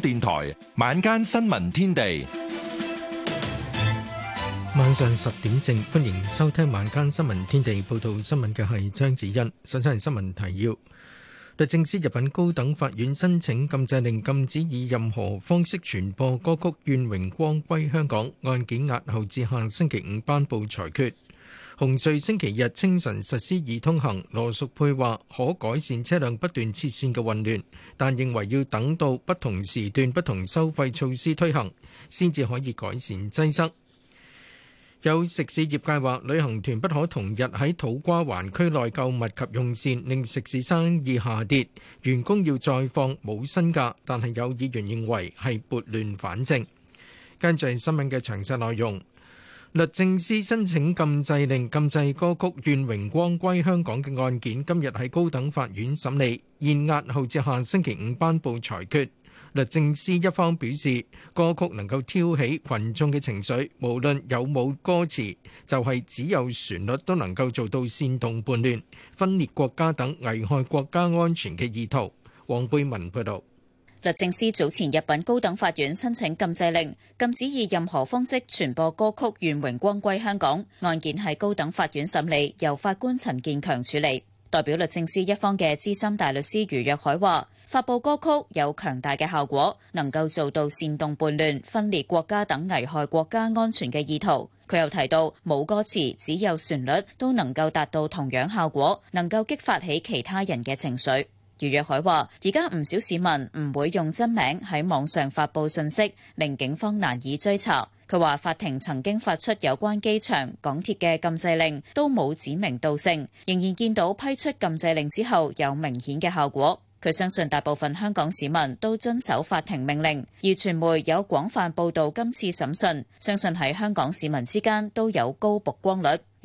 電台晚間新聞天地，晚上十點正，歡迎收聽晚間新聞天地。報道新聞嘅係張子欣，首先係新聞提要：律政司入禀高等法院申請禁制令，禁止以任何方式傳播歌曲《願榮光歸香港》，案件押後至下星期五頒布裁決。紅隧星期日清晨實施易通行，羅淑佩話可改善車輛不斷切線嘅混亂，但認為要等到不同時段、不同收費措施推行，先至可以改善擠塞。有食肆業界話，旅行團不可同日喺土瓜灣區內購物及用膳，令食肆生意下跌，員工要再放冇薪假。但係有議員認為係撥亂反正。跟住新聞嘅詳細內容。律政司申請禁制令禁制歌曲《願榮光歸香港》嘅案件，今日喺高等法院審理，現押後至下星期五頒布裁決。律政司一方表示，歌曲能夠挑起群眾嘅情緒，無論有冇歌詞，就係只有旋律都能夠做到煽動叛亂、分裂國家等危害國家安全嘅意圖。黃貝文報道。律政司早前入禀高等法院申請禁制令，禁止以任何方式傳播歌曲《願榮光歸香港》。案件喺高等法院審理，由法官陳建強處理。代表律政司一方嘅資深大律師余若海話，發布歌曲有強大嘅效果，能夠做到煽動叛亂、分裂國家等危害國家安全嘅意圖。佢又提到，冇歌詞，只有旋律，都能夠達到同樣效果，能夠激發起其他人嘅情緒。余若海話，而家唔少市民唔會用真名喺網上發布信息，令警方難以追查。佢話法庭曾經發出有關機場、港鐵嘅禁制令，都冇指名道姓，仍然見到批出禁制令之後有明顯嘅效果。佢相信大部分香港市民都遵守法庭命令，而傳媒有廣泛報道今次審訊，相信喺香港市民之間都有高曝光率。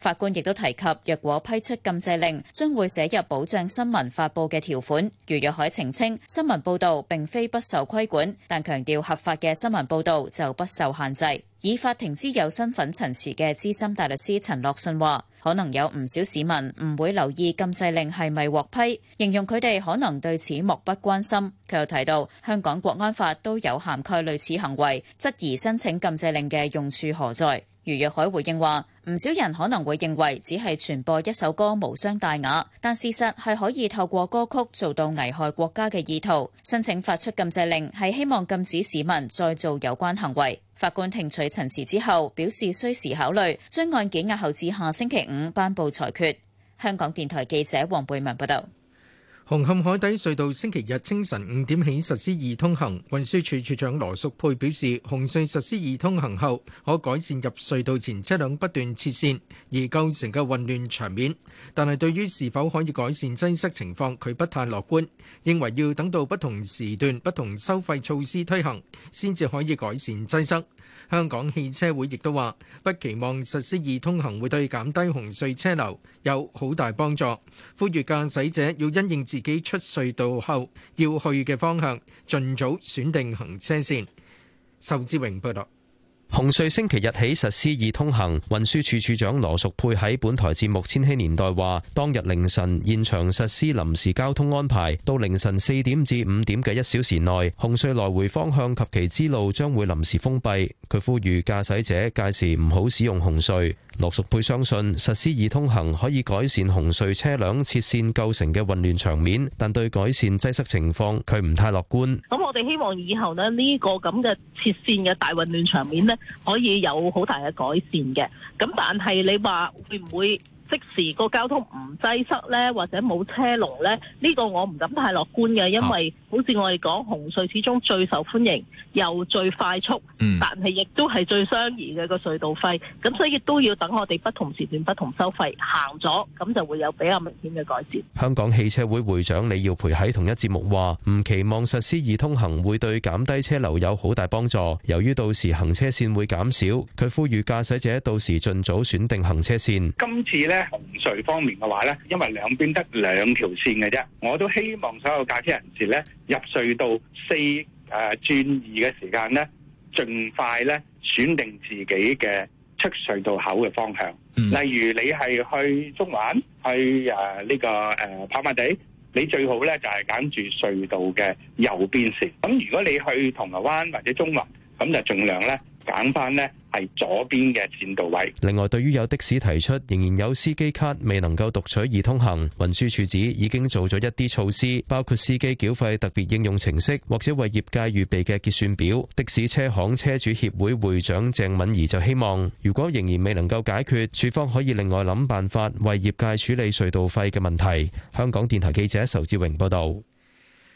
法官亦都提及，若果批出禁制令，將會寫入保障新聞發布嘅條款。余若海澄清，新聞報導並非不受規管，但強調合法嘅新聞報導就不受限制。以法庭之友身份陳詞嘅資深大律師陳樂信話，可能有唔少市民唔會留意禁制令係咪獲批，形容佢哋可能對此漠不關心。佢又提到，香港國安法都有涵蓋類似行為，質疑申請禁制令嘅用處何在。余若海回應話：唔少人可能會認為只係傳播一首歌無傷大雅，但事實係可以透過歌曲做到危害國家嘅意圖。申請發出禁制令係希望禁止市民再做有關行為。法官聽取陳詞之後，表示需時考慮，將案件押後至下星期五頒布裁決。香港電台記者黃貝文報道。紅磡海底隧道星期日清晨五點起實施易通行，運輸署署長羅淑佩表示，紅隧實施易通行後，可改善入隧道前車輛不斷切線而構成嘅混亂場面。但係對於是否可以改善擠塞情況，佢不太樂觀，認為要等到不同時段、不同收費措施推行，先至可以改善擠塞。香港汽車會亦都話，不期望實施易通行會對減低紅隧車流有好大幫助，呼籲駕駛者要因應自己出隧道後要去嘅方向，儘早選定行車線。仇志榮報導。紅隧星期日起實施易通行，運輸署署長羅淑佩喺本台節目《千禧年代》話，當日凌晨現場實施臨時交通安排，到凌晨四點至五點嘅一小時內，紅隧來回方向及其之路將會臨時封閉。佢呼籲駕駛者屆時唔好使用紅隧。羅淑佩相信，實施易通行可以改善紅隧車輛切線構成嘅混亂場面，但對改善擠塞情況，佢唔太樂觀。咁我哋希望以後咧呢、這個咁嘅切線嘅大混亂場面呢可以有好大嘅改善嘅。咁但係你話會唔會即時個交通唔擠塞呢？或者冇車龍呢？呢、這個我唔敢太樂觀嘅，因為。好似我哋講紅隧始終最受歡迎又最快速，但係亦都係最相宜嘅個隧道費，咁所以都要等我哋不同時段不同收費行咗，咁就會有比較明顯嘅改善。香港汽車會會長李耀培喺同一節目話：唔期望實施易通行會對減低車流有好大幫助。由於到時行車線會減少，佢呼籲駕駛者到時盡早選定行車線。今次咧紅隧方面嘅話咧，因為兩邊得兩條線嘅啫，我都希望所有駕車人士咧。入隧道四誒轉二嘅時間咧，盡快咧，選定自己嘅出隧道口嘅方向。例如你係去中環、去誒呢個誒跑馬地，你最好咧就係揀住隧道嘅右邊線。咁如果你去銅鑼灣或者中環，咁就盡量咧，揀翻呢，係左邊嘅線道位。另外，對於有的士提出仍然有司機卡未能夠讀取而通行，運輸署指已經做咗一啲措施，包括司機繳費特別應用程式或者為業界預備嘅結算表。的士車行車主協會會長鄭敏儀就希望，如果仍然未能夠解決，署方可以另外諗辦法為業界處理隧道費嘅問題。香港電台記者仇志榮報導。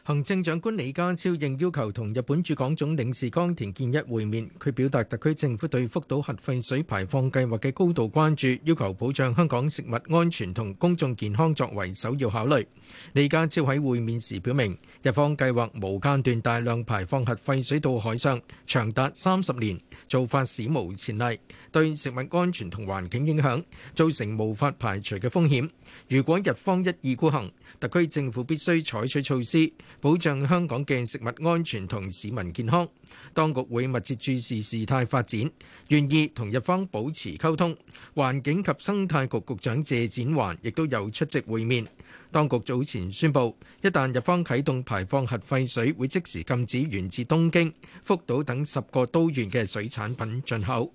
行政長官李家超應要求同日本駐港總領事岡田健一會面，佢表達特區政府對福島核廢水排放計劃嘅高度關注，要求保障香港食物安全同公眾健康作為首要考慮。李家超喺會面時表明，日方計劃無間斷大量排放核廢水到海上，長達三十年，做法史無前例，對食物安全同環境影響造成無法排除嘅風險。如果日方一意孤行，特區政府必須採取措施。保障香港嘅食物安全同市民健康，當局會密切注視事態發展，願意同日方保持溝通。環境及生態局局長謝展寰亦都有出席會面。當局早前宣佈，一旦日方啟動排放核廢水，會即時禁止源自東京、福島等十個都縣嘅水產品進口。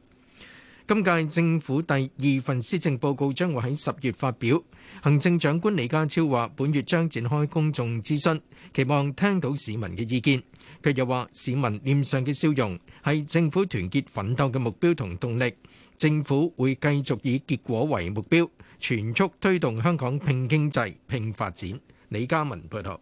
今屆政府第二份施政報告將會喺十月發表，行政長官李家超話：本月將展開公眾諮詢，期望聽到市民嘅意見。佢又話：市民臉上嘅笑容係政府團結奮鬥嘅目標同動力，政府會繼續以結果為目標，全速推動香港拼經濟、拼發展。李嘉文報道。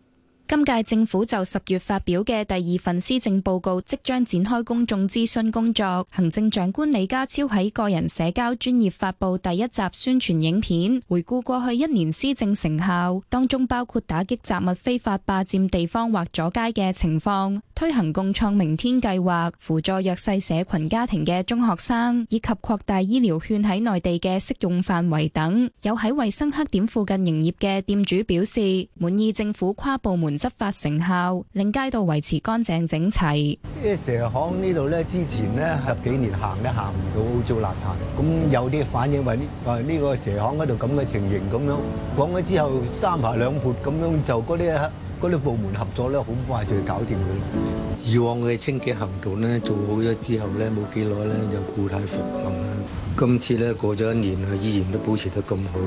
今屆政府就十月發表嘅第二份施政報告，即將展開公眾諮詢工作。行政長官李家超喺個人社交專業發佈第一集宣傳影片，回顧過去一年施政成效，當中包括打擊雜物非法霸佔地方或阻街嘅情況，推行共創明天計劃，輔助弱勢社群家庭嘅中學生，以及擴大醫療券喺內地嘅適用範圍等。有喺衛生黑點附近營業嘅店主表示滿意政府跨部門，執法成效令街道維持乾淨整齊。呢蛇巷呢度咧，之前咧十幾年行咧行唔到，污糟難行。咁有啲反映話呢啊呢個蛇巷嗰度咁嘅情形，咁樣講咗之後，三扒兩撥咁樣就嗰啲嗰啲部門合作咧，好快就搞掂佢。以往嘅清潔行動咧做好咗之後咧，冇幾耐咧就故態復萌啦。今次咧過咗一年啊，依然都保持得咁好，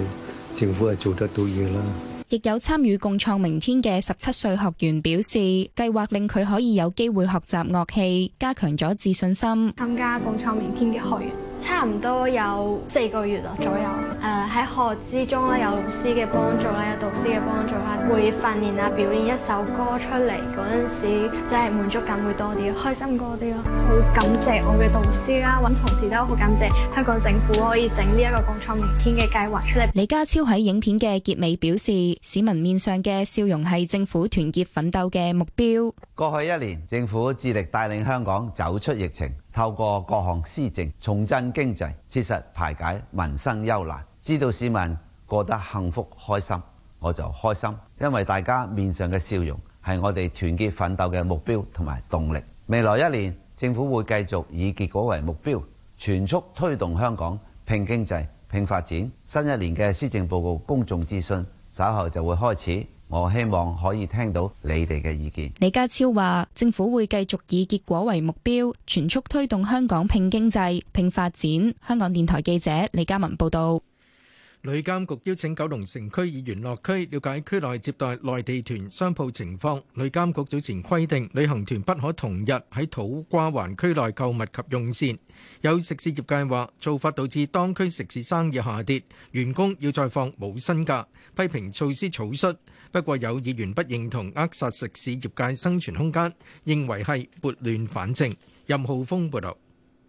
政府係做得到嘢啦。亦有參與共創明天嘅十七歲學員表示，計劃令佢可以有機會學習樂器，加強咗自信心。參加共創明天嘅學員。差唔多有四個月啦左右，誒、uh, 喺學之中咧，有老師嘅幫助咧，有導師嘅幫助啦，會訓練啊，表演一首歌出嚟嗰陣時，真係滿足感會多啲，開心多啲咯。 嗯、好感謝我嘅導師啦，搵同事都好感謝香港政府可以整呢一個共創明天嘅計劃出嚟。李家超喺影片嘅結尾表示，市民面上嘅笑容係政府團結奮鬥嘅目標。過去一年，政府致力帶領香港走出疫情。透過各項施政，重振經濟，切實排解民生憂難，知道市民過得幸福開心，我就開心，因為大家面上嘅笑容係我哋團結奮鬥嘅目標同埋動力。未來一年，政府會繼續以結果為目標，全速推動香港拼經濟、拼發展。新一年嘅施政報告公眾諮詢稍後就會開始。我希望可以聽到你哋嘅意見。李家超話，政府會繼續以結果為目標，全速推動香港拼經濟、拼發展。香港電台記者李嘉文報道。旅監局邀請九龍城區議員落區了解區內接待內地團商鋪情況。旅監局早前規定，旅行團不可同日喺土瓜灣區內購物及用膳。有食肆業界話，做法導致當區食肆生意下跌，員工要再放冇薪假，批評措施草率。不過有議員不認同扼殺食肆業界生存空間，認為係撥亂反正。任浩峰報道。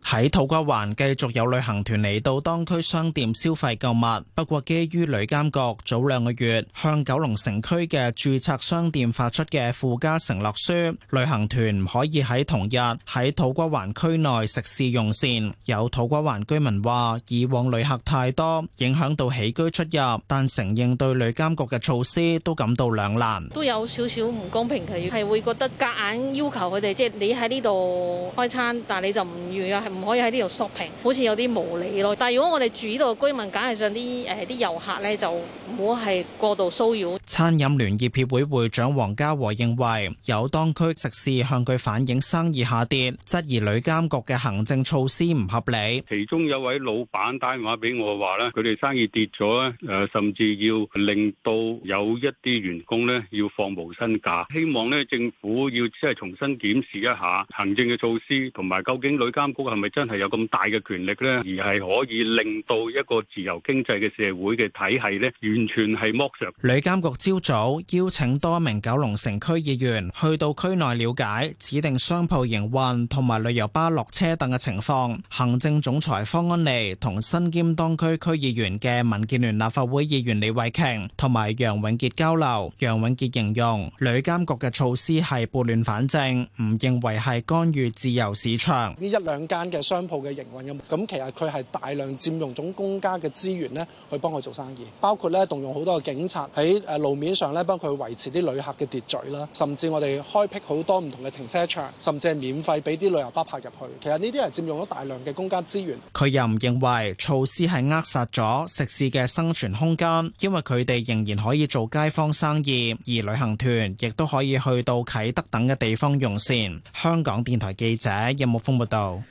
喺土瓜灣繼續有旅行團嚟到當區商店消費購物，不過基於旅監局早兩個月向九龍城區嘅註冊商店發出嘅附加承諾書，旅行團唔可以喺同日喺土瓜灣區內食肆用膳。有土瓜灣居民話，以往旅客太多，影響到起居出入，但承認對旅監局嘅措施都感到兩難，都有少少唔公平佢，係會覺得夾硬要求佢哋，即係你喺呢度開餐，但係你就唔願意喺。唔可以喺呢度 shopping，好似有啲無理咯。但係如果我哋住呢度嘅居民，梗係上啲誒啲遊客咧，就唔好係過度騷擾。餐飲聯業協會會長黃家和認為有當區食肆向佢反映生意下跌，質疑旅監局嘅行政措施唔合理。其中有位老闆打電話俾我話咧，佢哋生意跌咗咧，誒甚至要令到有一啲員工咧要放無薪假。希望咧政府要即係重新檢視一下行政嘅措施，同埋究竟旅監局係。咪真係有咁大嘅權力咧，而係可以令到一個自由經濟嘅社會嘅體系咧，完全係剝削。旅監局朝早邀請多名九龍城區議員去到區內了解指定商鋪營運同埋旅遊巴落車等嘅情況。行政總裁方安妮同身兼當區區議員嘅民建聯立法會議員李慧瓊同埋楊永傑交流。楊永傑形容旅監局嘅措施係撥亂反正，唔認為係干預自由市場。呢一兩間嘅商鋪嘅營運咁，咁其實佢係大量佔用總公家嘅資源呢去幫佢做生意，包括呢動用好多嘅警察喺誒路面上呢幫佢維持啲旅客嘅秩序啦，甚至我哋開辟好多唔同嘅停車場，甚至係免費俾啲旅遊巴泊入去。其實呢啲係佔用咗大量嘅公家資源。佢又唔認為措施係扼殺咗食肆嘅生存空間，因為佢哋仍然可以做街坊生意，而旅行團亦都可以去到啟德等嘅地方用膳。香港電台記者任木峰報道。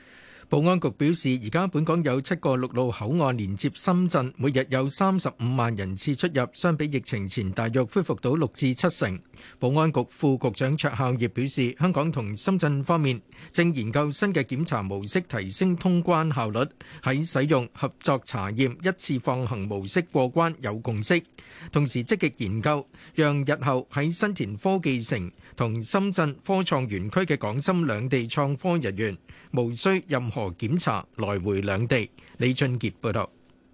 保安局表示，而家本港有七個陸路口岸連接深圳，每日有三十五萬人次出入，相比疫情前大約恢復到六至七成。保安局副局長卓孝業表示，香港同深圳方面正研究新嘅檢查模式，提升通關效率。喺使用合作查驗一次放行模式過關有共識，同時積極研究，讓日後喺新田科技城同深圳科創園區嘅港深兩地創科人員。無需任何檢查來回兩地。李俊傑報道。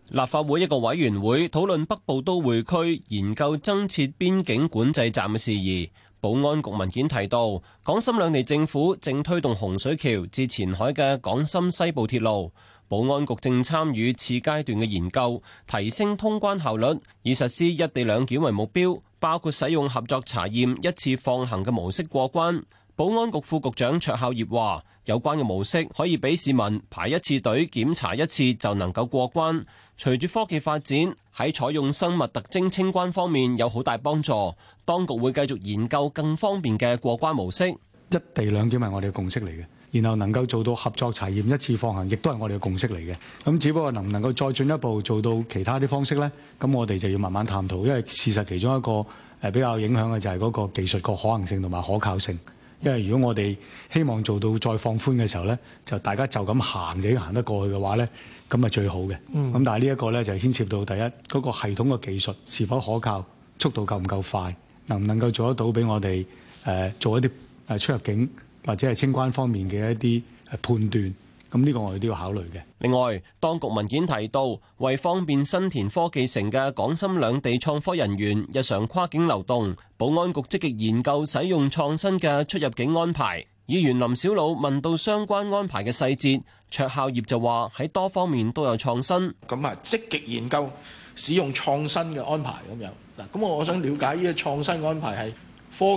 立法會一個委員會討論北部都會區研究增設邊境管制站嘅事宜。保安局文件提到，港深兩地政府正推動洪水橋至前海嘅港深西部鐵路。保安局正參與次階段嘅研究，提升通關效率，以實施一地兩檢為目標，包括使用合作查驗一次放行嘅模式過關。保安局副局長卓孝業話：有關嘅模式可以俾市民排一次隊檢查一次就能夠過關。隨住科技發展，喺採用生物特徵清關方面有好大幫助。當局會繼續研究更方便嘅過關模式。一地兩檢係我哋嘅共識嚟嘅，然後能夠做到合作查驗一次放行，亦都係我哋嘅共識嚟嘅。咁只不過能唔能夠再進一步做到其他啲方式呢？咁我哋就要慢慢探討，因為事實其中一個誒比較影響嘅就係嗰個技術個可能性同埋可靠性。因為如果我哋希望做到再放寬嘅時候呢，就大家就咁行就已經行得過去嘅話呢，咁咪最好嘅。咁、嗯、但係呢一個呢，就牽涉到第一嗰、那個系統嘅技術是否可靠，速度夠唔夠快，能唔能夠做得到俾我哋誒、呃、做一啲誒出入境或者係清關方面嘅一啲判斷。咁呢個我哋都要考慮嘅。另外，當局文件提到，為方便新田科技城嘅港深兩地創科人員日常跨境流動，保安局積極研究使用創新嘅出入境安排。議員林小魯問到相關安排嘅細節，卓孝業就話喺多方面都有創新。咁啊，積極研究使用創新嘅安排咁樣。嗱，咁我我想了解呢個創新安排係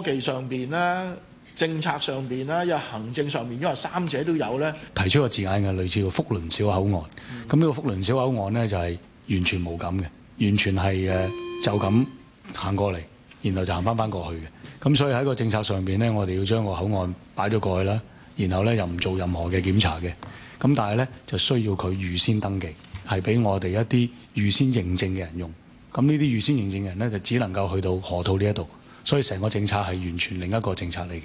科技上邊呢。政策上邊啦，又行政上面，因為三者都有咧，提出個字眼嘅類似個福倫小口岸。咁呢、嗯、個福倫小口岸咧就係、是、完全冇咁嘅，完全係誒、呃、就咁行過嚟，然後就行翻翻過去嘅。咁所以喺個政策上邊咧，我哋要將個口岸擺咗過去啦，然後咧又唔做任何嘅檢查嘅。咁但係咧就需要佢預先登記，係俾我哋一啲預先認證嘅人用。咁呢啲預先認證嘅人咧就只能夠去到河套呢一度，所以成個政策係完全另一個政策嚟嘅。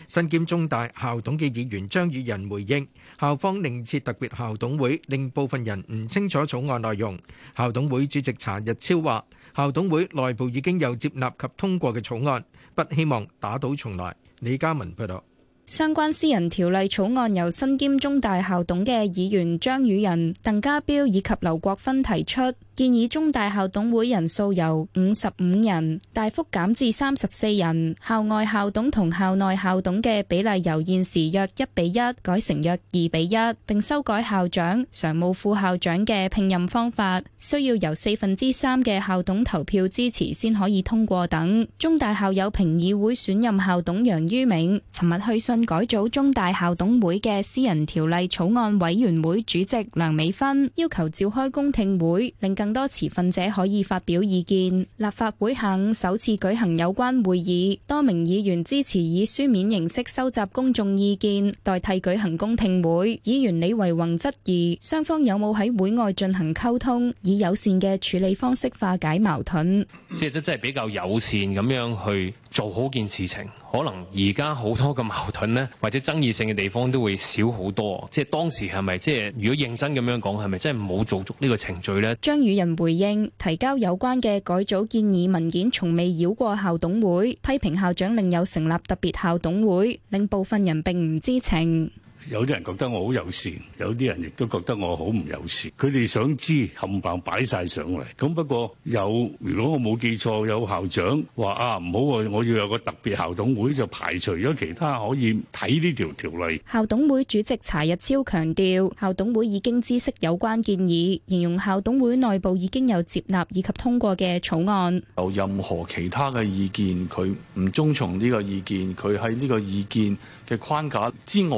身兼中大校董嘅議員張宇人回應，校方另設特別校董會，令部分人唔清楚草案內容。校董會主席查逸超話，校董會內部已經有接納及通過嘅草案，不希望打倒重來。李嘉文報導，相關私人條例草案由身兼中大校董嘅議員張宇人、鄧家彪以及劉國勳提出。建議中大校董會人數由五十五人大幅減至三十四人，校外校董同校內校董嘅比例由現時約一比一改成約二比一，並修改校長、常務副校長嘅聘任方法，需要由四分之三嘅校董投票支持先可以通過等。中大校友評議會選任校董楊于明，尋日去信改組中大校董會嘅私人條例草案委員會主席梁美芬，要求召開公聽會，令更多持份者可以發表意見，立法會下午首次舉行有關會議，多名議員支持以書面形式收集公眾意見，代替舉行公聽會。議員李維宏質疑，雙方有冇喺會外進行溝通，以友善嘅處理方式化解矛盾。即即即係比較友善咁樣去。做好件事情，可能而家好多嘅矛盾呢，或者爭議性嘅地方都會少好多。即係當時係咪？即係如果認真咁樣講，係咪真係冇做足呢個程序呢？張宇人回應，提交有關嘅改組建議文件，從未繞過校董會，批評校長另有成立特別校董會，令部分人並唔知情。有啲人覺得我好友善，有啲人亦都覺得我好唔友善。佢哋想知，冚唪唥擺曬上嚟。咁不過有，如果我冇記錯，有校長話啊，唔好啊，我要有個特別校董會，就排除咗其他可以睇呢條條例。校董會主席查日超強調，校董會已經知悉有關建議，形容校董會內部已經有接納以及通過嘅草案。有任何其他嘅意見，佢唔遵從呢個意見，佢喺呢個意見嘅框架之外，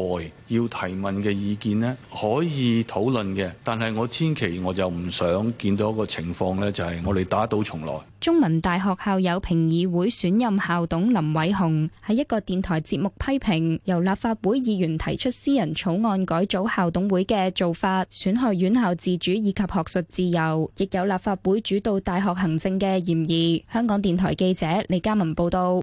要提問嘅意見呢，可以討論嘅。但係我千祈我就唔想見到一個情況呢，就係我哋打倒重來。中文大學校友評議會選任校董林偉雄，喺一個電台節目批評由立法會議員提出私人草案改組校董會嘅做法，損害院校自主以及學術自由，亦有立法會主導大學行政嘅嫌疑。香港電台記者李嘉文報道。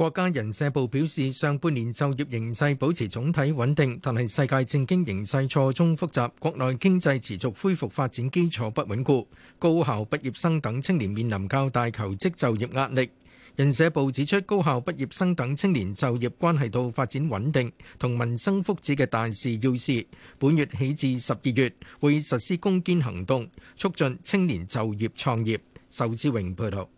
國家人社部表示，上半年就業形勢保持總體穩定，但係世界政經形勢錯綜複雜，國內經濟持續恢復發展基礎不穩固，高校畢業生等青年面臨較大求職就業壓力。人社部指出，高校畢業生等青年就業關係到發展穩定同民生福祉嘅大事要事，本月起至十二月，會實施攻堅行動，促進青年就業創業。仇志榮報道。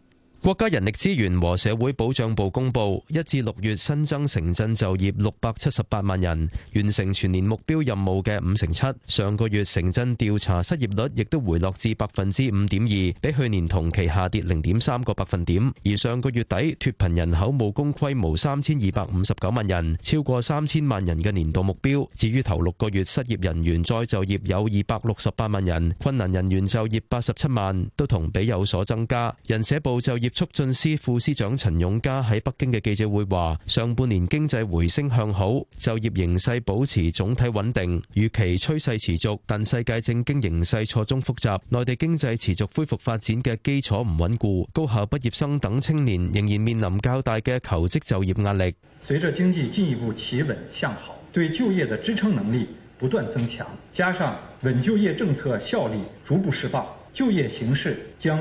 國家人力資源和社會保障部公布，一至六月新增城鎮就業六百七十八萬人，完成全年目標任務嘅五成七。上個月城鎮調查失業率亦都回落至百分之五點二，比去年同期下跌零點三個百分點。而上個月底脱貧人口務工規模三千二百五十九萬人，超過三千萬人嘅年度目標。至於頭六個月失業人員再就業有二百六十八萬人，困難人員就業八十七萬，都同比有所增加。人社部就業促進司副司長陳勇嘉喺北京嘅記者會話：上半年經濟回升向好，就業形勢保持總體穩定，預期趨勢持續，但世界政經形勢錯綜複雜，內地經濟持續恢復發展嘅基礎唔穩固，高校畢業生等青年仍然面臨較大嘅求職就業壓力。隨着經濟進一步企穩向好，對就業嘅支撐能力不斷增強，加上穩就業政策效力逐步釋放，就業形勢將。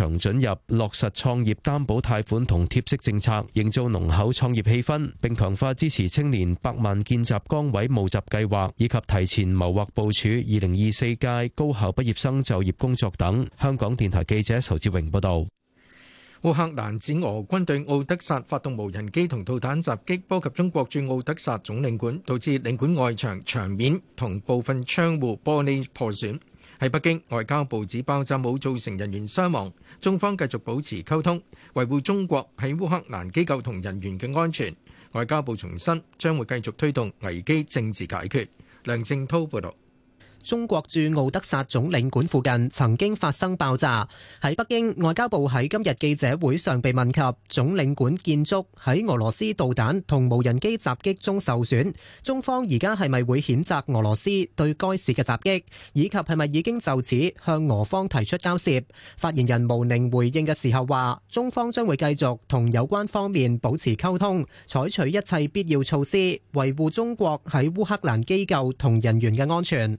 強准入落實創業擔保貸款同貼息政策，營造濃厚創業氣氛，並強化支持青年百萬見習崗位募集計劃，以及提前謀劃部署二零二四屆高校畢業生就業工作等。香港電台記者仇志榮報道。烏克蘭指俄軍對敖德薩發動無人機同導彈襲擊，波及中國駐敖德薩總領館，導致領館外牆、牆面同部分窗戶玻璃破損。喺北京，外交部指爆炸冇造成人員傷亡，中方繼續保持溝通，維護中國喺烏克蘭機構同人員嘅安全。外交部重申將會繼續推動危機政治解決，梁正濤報道。中國駐敖德薩總領館附近曾經發生爆炸。喺北京，外交部喺今日記者會上被問及總領館建築喺俄羅斯導彈同無人機襲擊中受損，中方而家係咪會譴責俄羅斯對該市嘅襲擊，以及係咪已經就此向俄方提出交涉？發言人毛寧回應嘅時候話：中方將會繼續同有關方面保持溝通，採取一切必要措施，維護中國喺烏克蘭機構同人員嘅安全。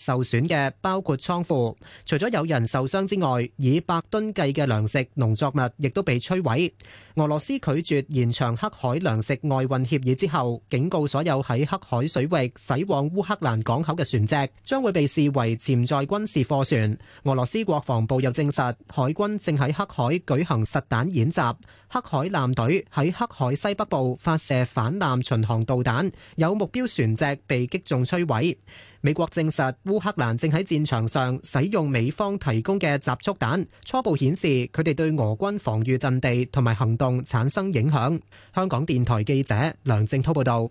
受損嘅包括倉庫，除咗有人受傷之外，以百噸計嘅糧食農作物亦都被摧毀。俄羅斯拒絕延長黑海糧食外運協議之後，警告所有喺黑海水域駛往烏克蘭港口嘅船隻將會被視為潛在軍事貨船。俄羅斯國防部又證實，海軍正喺黑海舉行實彈演習，黑海艦隊喺黑海西北部發射反艦巡航導彈，有目標船隻被擊中摧毀。美國證實烏克蘭正喺戰場上使用美方提供嘅集束彈，初步顯示佢哋對俄軍防禦陣地同埋行動產生影響。香港電台記者梁正濤報道：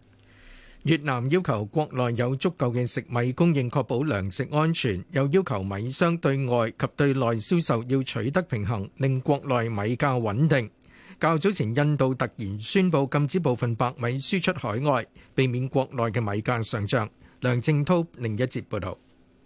越南要求國內有足夠嘅食米供應，確保糧食安全；又要求米商對外及對內銷售要取得平衡，令國內米價穩定。較早前，印度突然宣布禁止部分白米輸出海外，避免國內嘅米價上漲。梁靜濤另一節報道。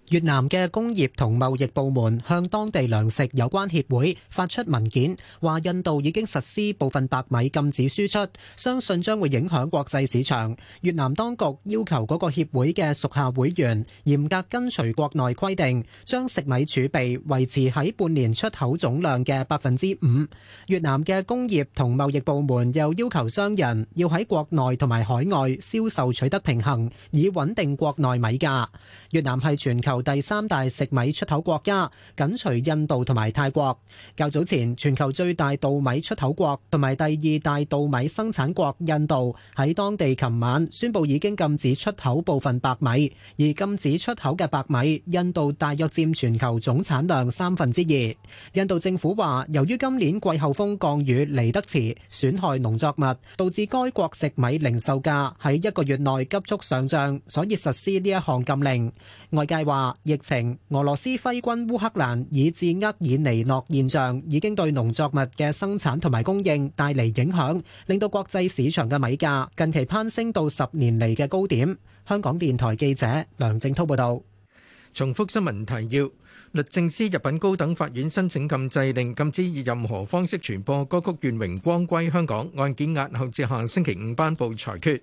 越南嘅工業同貿易部門向當地糧食有關協會發出文件，話印度已經實施部分白米禁止輸出，相信將會影響國際市場。越南當局要求嗰個協會嘅屬下會員嚴格跟隨國內規定，將食米儲備維持喺半年出口總量嘅百分之五。越南嘅工業同貿易部門又要求商人要喺國內同埋海外銷售取得平衡，以穩定國內米價。越南係全球由第三大食米出口國家，緊隨印度同埋泰國。較早前，全球最大稻米出口國同埋第二大稻米生產國印度，喺當地琴晚宣布已經禁止出口部分白米。而禁止出口嘅白米，印度大約佔全球總產量三分之二。印度政府話，由於今年季候風降雨嚟得遲，損害農作物，導致該國食米零售價喺一個月內急速上漲，所以實施呢一項禁令。外界話，疫情、俄羅斯揮軍烏克蘭，以至厄爾尼諾現象已經對農作物嘅生產同埋供應帶嚟影響，令到國際市場嘅米價近期攀升到十年嚟嘅高點。香港電台記者梁靜滔報道，重複新聞提要：律政司入禀高等法院申請禁制令，禁止以任何方式傳播歌曲《願榮光歸香港》案件押後至下星期五頒布裁決。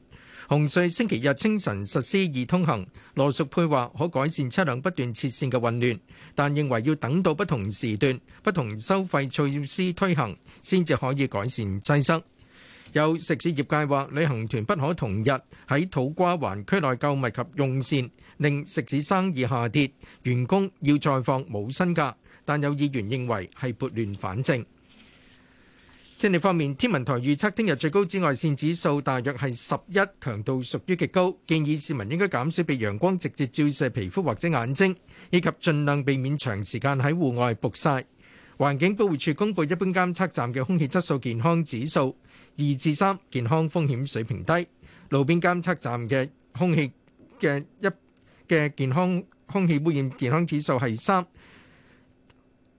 紅隧星期日清晨實施易通行，羅淑佩話可改善車輛不斷切線嘅混亂，但認為要等到不同時段、不同收費措施推行，先至可以改善擠塞。有食肆業界話，旅行團不可同日喺土瓜灣區內購物及用膳，令食肆生意下跌，員工要再放冇薪假。但有議員認為係撥亂反正。天氣方面，天文台預測聽日最高紫外線指數大約係十一，強度屬於極高，建議市民應該減少被陽光直接照射皮膚或者眼睛，以及盡量避免長時間喺戶外曝曬。環境保護署公布一般監測站嘅空氣質素健康指數二至三，健康風險水平低；路邊監測站嘅空氣嘅一嘅健康空氣污染健康指數係三。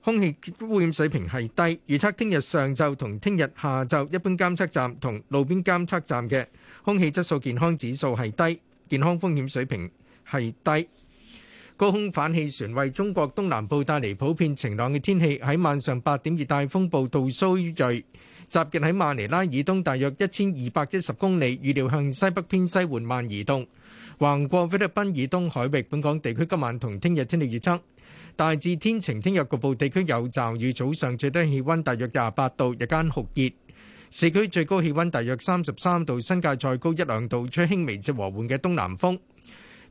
空氣污染水平係低，預測聽日上晝同聽日下晝一般監測站同路邊監測站嘅空氣質素健康指數係低，健康風險水平係低。高空反氣旋為中國東南部帶嚟普遍晴朗嘅天氣，喺晚上八點熱帶風暴杜蘇芮集結喺馬尼拉以東大約一千二百一十公里，預料向西北偏西緩慢移動，橫過菲律賓以東海域。本港地區今晚同聽日天氣預測。大致天晴，聽日局部地區有驟雨，早上最低氣溫大約廿八度，日間酷熱，市區最高氣溫大約三十三度，新界再高一兩度，吹輕微至和緩嘅東南風。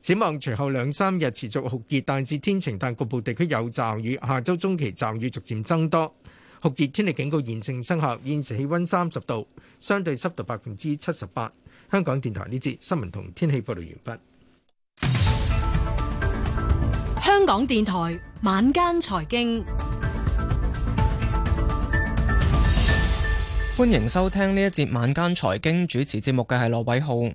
展望隨後兩三日持續酷熱，大致天晴，但局部地區有驟雨，下週中期驟雨逐漸增多，酷熱天氣警告現正生效。現時氣溫三十度，相對濕度百分之七十八。香港電台呢節新聞同天氣報道完畢。香港電台晚間財經，歡迎收聽呢一節晚間財經，主持節目嘅係羅偉浩。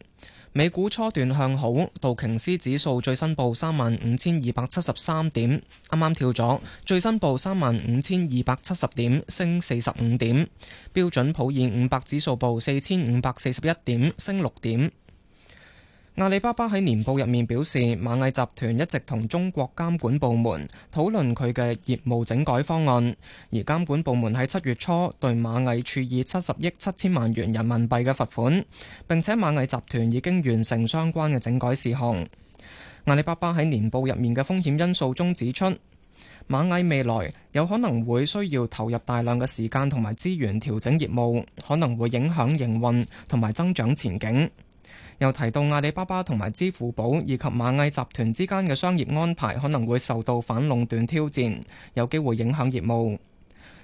美股初段向好，道瓊斯指數最新報三萬五千二百七十三點，啱啱跳咗，最新報三萬五千二百七十點，升四十五點。標準普爾五百指數報四千五百四十一點，升六點。阿里巴巴喺年報入面表示，螞蟻集團一直同中國監管部門討論佢嘅業務整改方案，而監管部門喺七月初對螞蟻處以七十億七千萬元人民幣嘅罰款，並且螞蟻集團已經完成相關嘅整改事項。阿里巴巴喺年報入面嘅風險因素中指出，螞蟻未來有可能會需要投入大量嘅時間同埋資源調整業務，可能會影響營運同埋增長前景。又提到阿里巴巴同埋支付寶以及螞蟻集團之間嘅商業安排可能會受到反壟斷挑戰，有機會影響業務。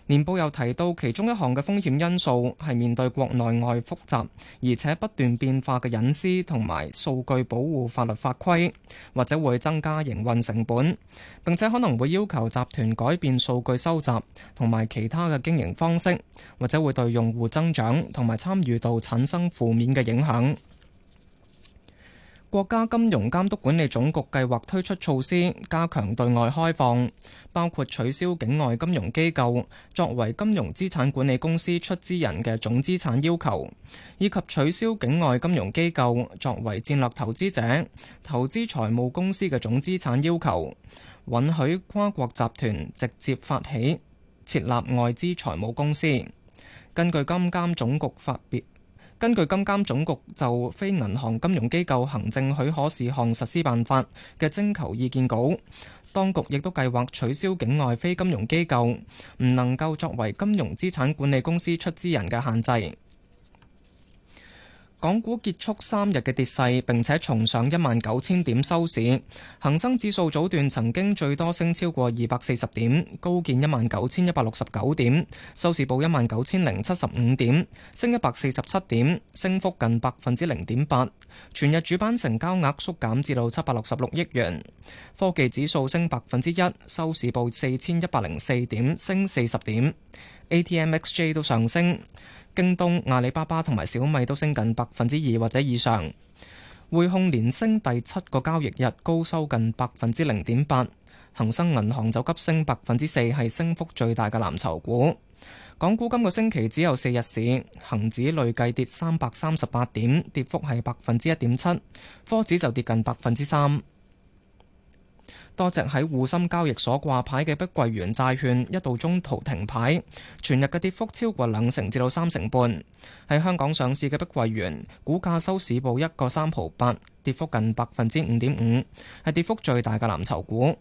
年報又提到其中一項嘅風險因素係面對國內外複雜而且不斷變化嘅隱私同埋數據保護法律法規，或者會增加營運成本，並且可能會要求集團改變數據收集同埋其他嘅經營方式，或者會對用戶增長同埋參與度產生負面嘅影響。國家金融監督管理總局計劃推出措施，加強對外開放，包括取消境外金融機構作為金融資產管理公司出資人嘅總資產要求，以及取消境外金融機構作為戰略投資者、投資財務公司嘅總資產要求，允許跨國集團直接發起設立外資財務公司。根據金監總局發表。根據金監總局就非銀行金融機構行政許可事項實施辦法嘅徵求意見稿，當局亦都計劃取消境外非金融機構唔能夠作為金融資產管理公司出資人嘅限制。港股結束三日嘅跌勢，並且重上一萬九千點收市。恒生指數早段曾經最多升超過二百四十點，高見一萬九千一百六十九點，收市報一萬九千零七十五點，升一百四十七點，升幅近百分之零點八。全日主板成交額縮減至到七百六十六億元。科技指數升百分之一，收市報四千一百零四點，升四十點。ATMXJ 都上升。京東、阿里巴巴同埋小米都升近百分之二或者以上，匯控連升第七個交易日，高收近百分之零點八。恒生銀行就急升百分之四，係升幅最大嘅藍籌股。港股今個星期只有四日市，恒指累計跌三百三十八點，跌幅係百分之一點七，科指就跌近百分之三。多隻喺滬深交易所掛牌嘅碧桂園債券一度中途停牌，全日嘅跌幅超過兩成至到三成半。喺香港上市嘅碧桂園股價收市報一個三毫八，跌幅近百分之五點五，係跌幅最大嘅藍籌股。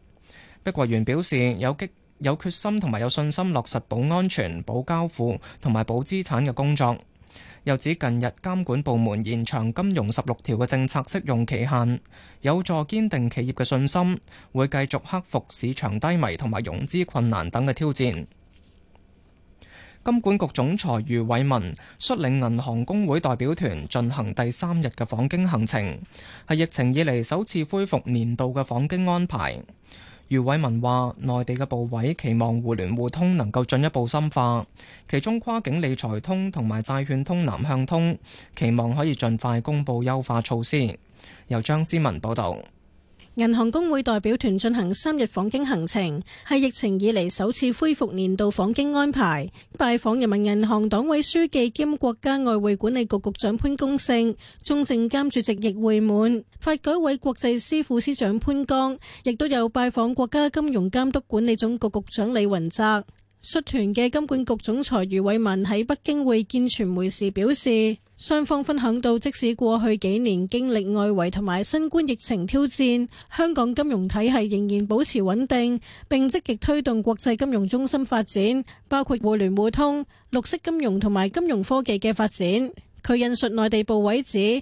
碧桂園表示有激有決心同埋有信心落實保安全、保交付同埋保資產嘅工作。又指近日監管部門延長金融十六條嘅政策適用期限，有助堅定企業嘅信心，會繼續克服市場低迷同埋融資困難等嘅挑戰。金管局總裁余偉文率領銀行公會代表團進行第三日嘅訪京行程，係疫情以嚟首次恢復年度嘅訪京安排。余偉文話：內地嘅部委期望互聯互通能夠進一步深化，其中跨境理財通同埋債券通南向通，期望可以盡快公布優化措施。由張思文報道。銀行公會代表團進行三日訪京行程，係疫情以嚟首次恢復年度訪京安排，拜訪人民銀行黨委書記兼國家外匯管理局局長潘功勝，中證監主席易會滿，發改委國際司副司長潘江，亦都有拜訪國家金融監督管理總局局長李雲澤。率團嘅金管局總裁余偉文喺北京會見傳媒時表示。雙方分享到即使過去幾年經歷外圍同埋新冠疫情挑戰，香港金融體系仍然保持穩定，並積極推動國際金融中心發展，包括互聯互通，綠色金融同埋金融科技的發展。佢引述內地部委指，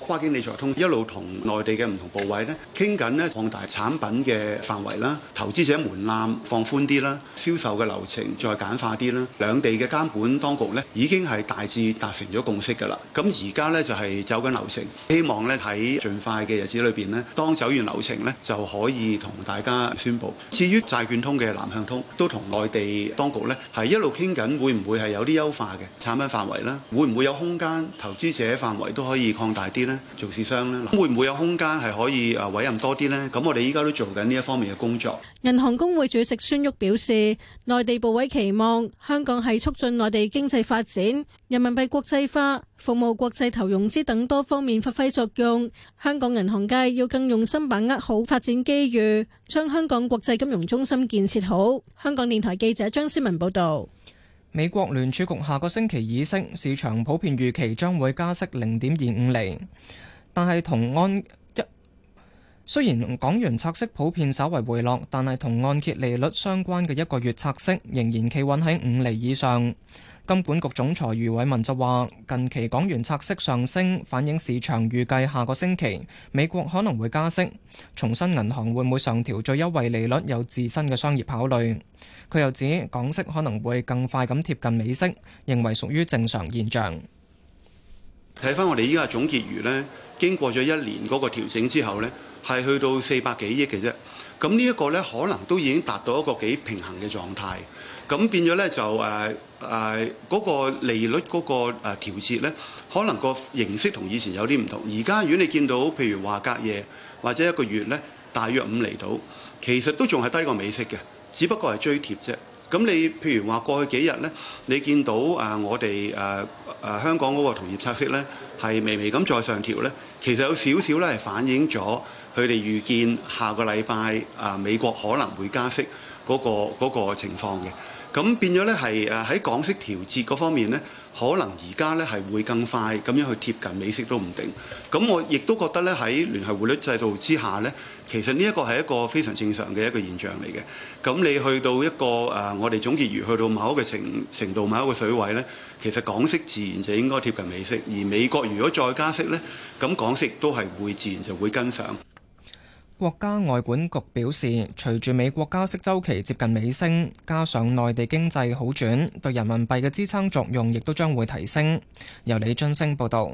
跨境理財通一路同內地嘅唔同部委咧傾緊咧擴大產品嘅範圍啦，投資者門檻放寬啲啦，銷售嘅流程再簡化啲啦，兩地嘅監管當局咧已經係大致達成咗共識噶啦。咁而家咧就係走緊流程，希望咧喺盡快嘅日子裏邊咧，當走完流程咧就可以同大家宣布。至於債券通嘅南向通，都同內地當局咧係一路傾緊，會唔會係有啲優化嘅產品範圍啦？會唔會有空間？投資者範圍都可以擴大啲？做市商呢，會唔會有空間係可以啊委任多啲呢？咁我哋依家都做緊呢一方面嘅工作。銀行公會主席孫煜表示，內地部委期望香港係促進內地經濟發展、人民幣國際化、服務國際投融資等多方面發揮作用。香港銀行界要更用心把握好發展機遇，將香港國際金融中心建設好。香港電台記者張思文報道。美國聯儲局下個星期議息，市場普遍預期將會加息零點二五厘。但係同按一，雖然港元拆息普遍稍為回落，但係同按揭利率相關嘅一個月拆息仍然企穩喺五厘以上。金管局總裁余偉文就話：近期港元拆息上升，反映市場預計下個星期美國可能會加息。重新銀行會唔會上調最優惠利率，有自身嘅商業考慮。佢又指港息可能會更快咁貼近美息，認為屬於正常現象。睇翻我哋依家嘅總結餘呢，經過咗一年嗰個調整之後呢，係去到四百幾億嘅啫。咁呢一個呢，可能都已經達到一個幾平衡嘅狀態。咁變咗呢，就誒。.誒嗰、啊那個利率嗰、那個誒、啊、調節咧，可能個形式同以前有啲唔同。而家如果你見到譬如話隔夜或者一個月咧，大約五厘到，其實都仲係低過美息嘅，只不過係追貼啫。咁你譬如話過去幾日咧，你見到誒、啊、我哋誒誒香港嗰個同業拆息咧，係微微咁再上調咧，其實有少少咧係反映咗佢哋預見下個禮拜啊美國可能會加息嗰、那個嗰、那個情況嘅。咁變咗咧係誒喺港息調節嗰方面咧，可能而家咧係會更快咁樣去貼近美息都唔定。咁我亦都覺得咧喺聯繫匯率制度之下咧，其實呢一個係一個非常正常嘅一個現象嚟嘅。咁你去到一個誒，我哋總結如去到某一個程程度、某一個水位咧，其實港息自然就應該貼近美息。而美國如果再加息咧，咁港息都係會自然就會跟上。國家外管局表示，隨住美國加息周期接近尾聲，加上內地經濟好轉，對人民幣嘅支撐作用亦都將會提升。由李俊升報導。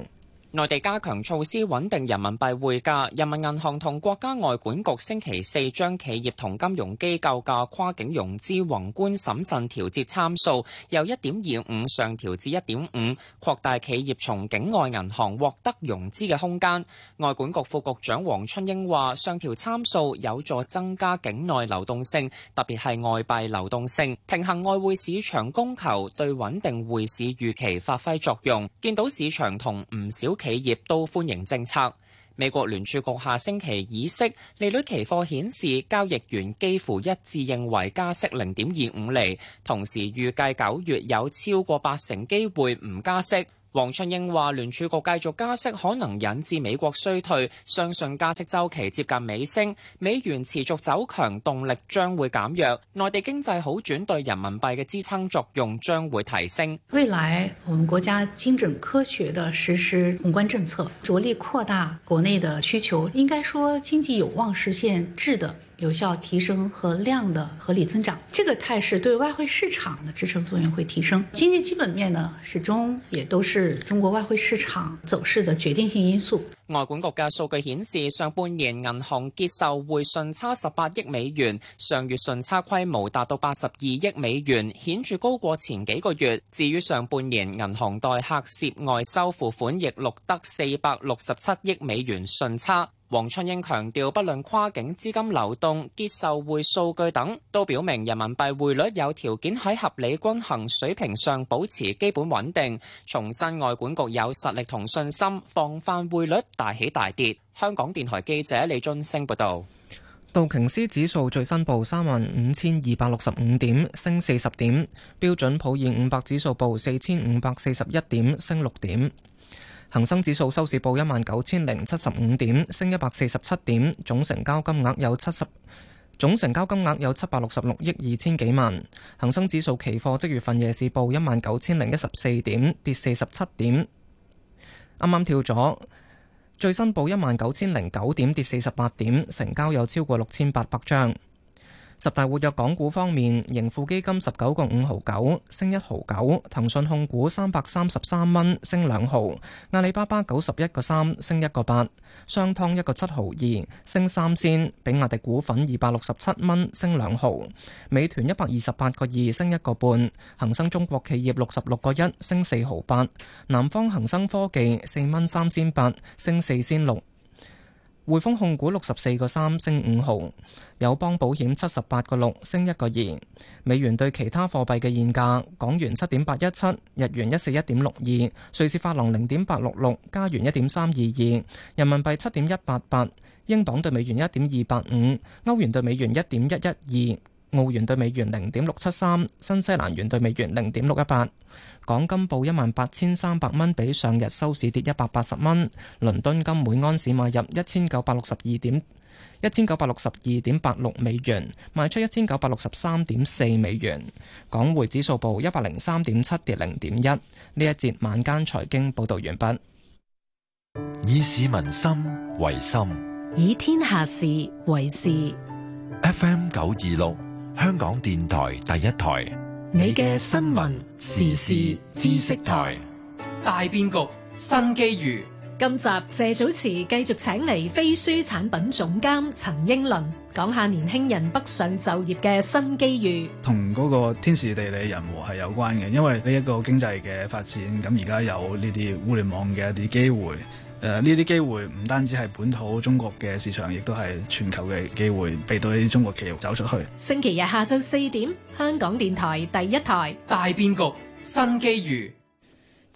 內地加強措施穩定人民幣匯價。人民銀行同國家外管局星期四將企業同金融機構嘅跨境融資宏觀審慎調節參數由一點二五上調至一點五，擴大企業從境外銀行獲得融資嘅空間。外管局副局長黃春英話：上調參數有助增加境內流動性，特別係外幣流動性，平衡外匯市場供求，對穩定匯市預期發揮作用。見到市場同唔少企業都歡迎政策。美國聯儲局下星期議息，利率期貨顯示交易員幾乎一致認為加息0.25厘，同時預計九月有超過八成機會唔加息。黃春英話：聯儲局繼續加息，可能引致美國衰退，相信加息周期接近尾聲，美元持續走強動力將會減弱。內地經濟好轉對人民幣嘅支撐作用將會提升。未來我們國家精準科學地實施宏觀政策，着力擴大國內的需求，應該說經濟有望實現質的。有效提升和量的合理增長，這個態勢對外匯市場的支撐作用會提升。經濟基本面呢，始終也都是中國外匯市場走勢的決定性因素。外管局嘅數據顯示，上半年銀行結售匯順差十八億美元，上月順差規模達到八十二億美元，顯著高過前幾個月。至於上半年銀行代客涉外收付款，亦錄得四百六十七億美元順差。黃春英強調，不論跨境資金流動、結售匯數據等，都表明人民幣匯率有條件喺合理均衡水平上保持基本穩定。重申外管局有實力同信心，防範匯率大起大跌。香港電台記者李俊升報道。道瓊斯指數最新報三萬五千二百六十五點，升四十點。標準普爾五百指數報四千五百四十一點，升六點。恒生指數收市報一萬九千零七十五點，升一百四十七點，總成交金額有七十總成交金額有七百六十六億二千幾萬。恒生指數期貨即月份夜市報一萬九千零一十四點，跌四十七點，啱啱跳咗，最新報一萬九千零九點，跌四十八點，成交有超過六千八百張。十大活躍港股方面，盈富基金十九個五毫九，升一毫九；騰訊控股三百三十三蚊，升兩毫；阿里巴巴九十一個三，升一個八；商湯一個七毫二，升三仙；比亞迪股份二百六十七蚊，升兩毫；美團一百二十八個二，升一個半；恒生中國企業六十六個一，升四毫八；南方恒生科技四蚊三仙八，升四仙六。匯豐控股六十四個三升五毫，友邦保險七十八個六升一個二，美元對其他貨幣嘅現價：港元七點八一七，日元一四一點六二，瑞士法郎零點八六六，加元一點三二二，人民幣七點一八八，英鎊兌美元一點二八五，歐元兌美元一點一一二。澳元兌美元零點六七三，新西蘭元兌美元零點六一八，港金報一萬八千三百蚊，比上日收市跌一百八十蚊。倫敦金每安士買入一千九百六十二點一千九百六十二點八六美元，賣出一千九百六十三點四美元。港匯指數報一百零三點七，跌零點一。呢一節晚間財經報導完畢。以市民心為心，以天下事為事。FM 九二六。香港電台第一台，你嘅新聞時事知識台，大變局新機遇。今集謝祖慈繼續請嚟飛書產品總監陳英倫，講下年輕人北上就業嘅新機遇。同嗰個天時地利人和係有關嘅，因為呢一個經濟嘅發展，咁而家有呢啲互聯網嘅一啲機會。誒呢啲機會唔單止係本土中國嘅市場，亦都係全球嘅機會，俾到啲中國企業走出去。星期日下晝四點，香港電台第一台大變局新機遇。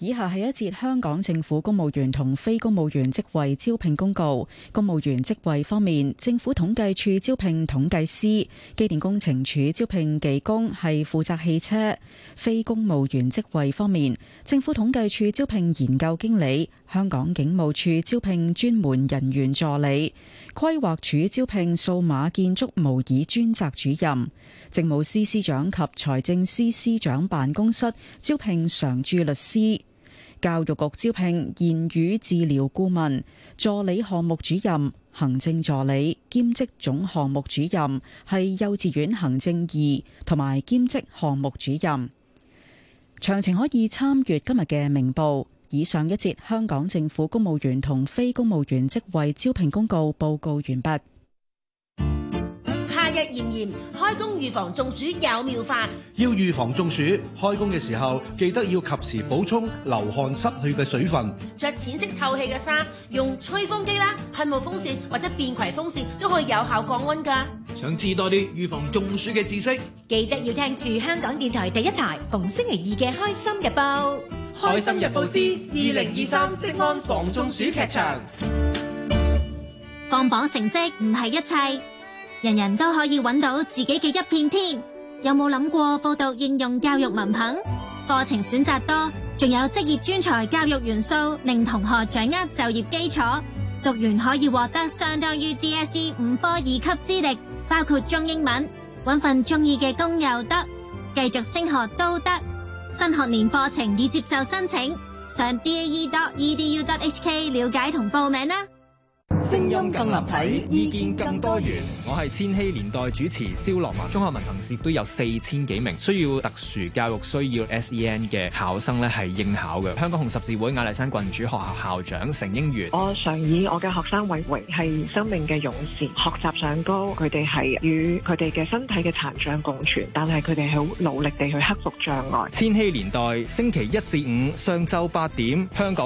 以下係一節香港政府公務員同非公務員職位招聘公告。公務員職位方面，政府統計處招聘統計師，機電工程處招聘技工，係負責汽車。非公務員職位方面，政府統計處招聘研究經理，香港警務處招聘專門人員助理，規劃署招聘數碼建築模擬專責主任。政務司司長及財政司司長辦公室招聘常駐律師，教育局招聘言語治療顧問、助理項目主任、行政助理、兼職總項目主任係幼稚園行政二同埋兼職項目主任。詳情可以參閱今日嘅明報。以上一節香港政府公務員同非公務員職位招聘公告報告完畢。炎炎開工預防中暑有妙法，要預防中暑，開工嘅時候記得要及時補充流汗失去嘅水分，着淺色透氣嘅衫，用吹風機啦、噴霧風扇或者便攜風扇都可以有效降溫㗎。想知多啲預防中暑嘅知識，記得要聽住香港電台第一台逢星期二嘅《開心日報》，《開心日報之二零二三職安防中暑劇場》，放榜成績唔係一切。人人都可以揾到自己嘅一片天，有冇諗過報讀應用教育文憑？課程選擇多，仲有職業專才教育元素，令同學掌握就業基礎。讀完可以獲得相當於 DSE 五科二級資歷，包括中英文，揾份中意嘅工又得，繼續升學都得。新學年課程已接受申請，上 DAE dot edu dot hk 了解同報名啦。聲音更立體，意見更多元。我係千禧年代主持肖樂文。中學文憑試都有四千幾名需要特殊教育需要 SEN 嘅考生呢係應考嘅。香港紅十字會雅麗珊郡主學校校長成英元，我常以我嘅學生為榮，係生命嘅勇士，學習上高佢哋係與佢哋嘅身體嘅殘障共存，但係佢哋係好努力地去克服障礙。千禧年代星期一至五上晝八點，香港。